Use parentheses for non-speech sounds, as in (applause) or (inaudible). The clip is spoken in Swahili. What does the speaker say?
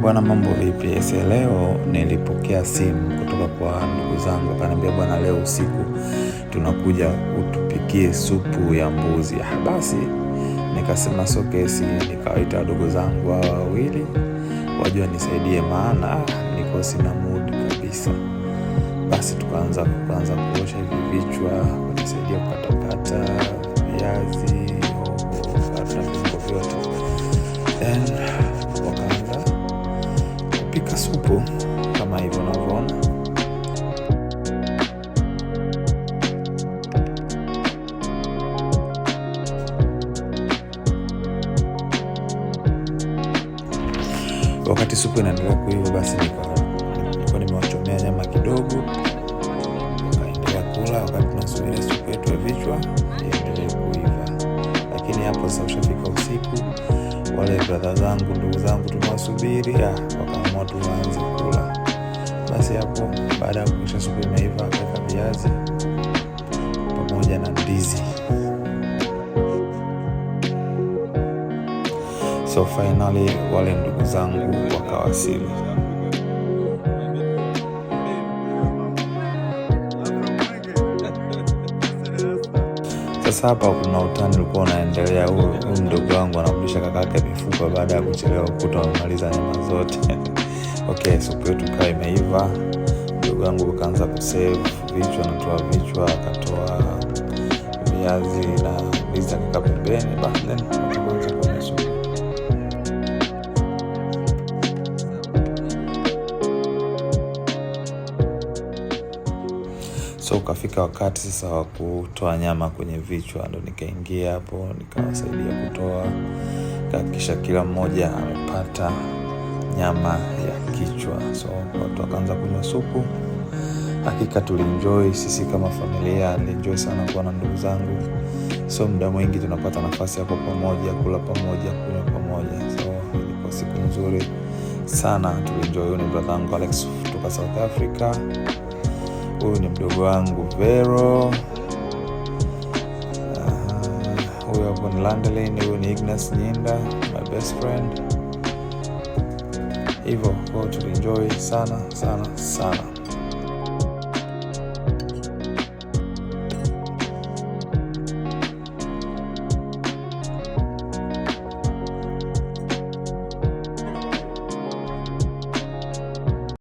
bwana, mambo vipi? Ese, leo nilipokea simu kutoka kwa ndugu zangu, akaniambia bwana, leo usiku tunakuja utupikie supu ya mbuzi. Ah, basi nikasema sokesi kesi, nikawaita zangu hawa wawili wajua nisaidie, maana niko sina mood kabisa. Basi tukaanza kuanza kuosha hivi vichwa, kunisaidia kukatakata viazi, kata viungo vyote kupika supu kama hivyo unavyoona. Wakati supu inaendelea kuiva, basi nilikuwa nimewachomea nyama kidogo, kaendelea kula wakati tunasubiria supu yetu ya vichwa iendelee kuiva. Lakini hapo sasa ushafika usiku wale bradha zangu ndugu zangu tunawasubiri, ah, wakaamua tuanze kula. Basi hapo baada ya kuisha supu imeiva, akaweka viazi pamoja na ndizi. So finally wale ndugu zangu wakawasili. Sasa hapa kuna utani ulikuwa unaendelea. Huyu mdogo wangu anamlisha kakake mifupa baada ya kuchelewa kuta amemaliza nyama zote. (laughs) Okay, supu yetu kaa imeiva. Mdogo wangu akaanza kusave vichwa, anatoa vichwa, akatoa viazi na ndizi, akaka pembeni. so ukafika wakati sasa wa kutoa nyama kwenye vichwa, ndo nikaingia hapo nikawasaidia kutoa, kahakikisha kila mmoja amepata nyama ya kichwa. So watu wakaanza kunywa supu. Hakika tulinjoi sisi kama familia, nilienjoy sana kuwa na ndugu zangu. So muda mwingi tunapata nafasi ya kuwa pamoja, kula pamoja, kunywa pamoja. So ilikuwa siku nzuri sana, Huyu Ni brother Alex kutoka South Africa. Huyu ni mdogo wangu Vero. Ah, huyu hapo ni Landelin. Huyu ni Ignas Nyinda, my best friend. Hivyo kwao tulienjoy sana sana sana.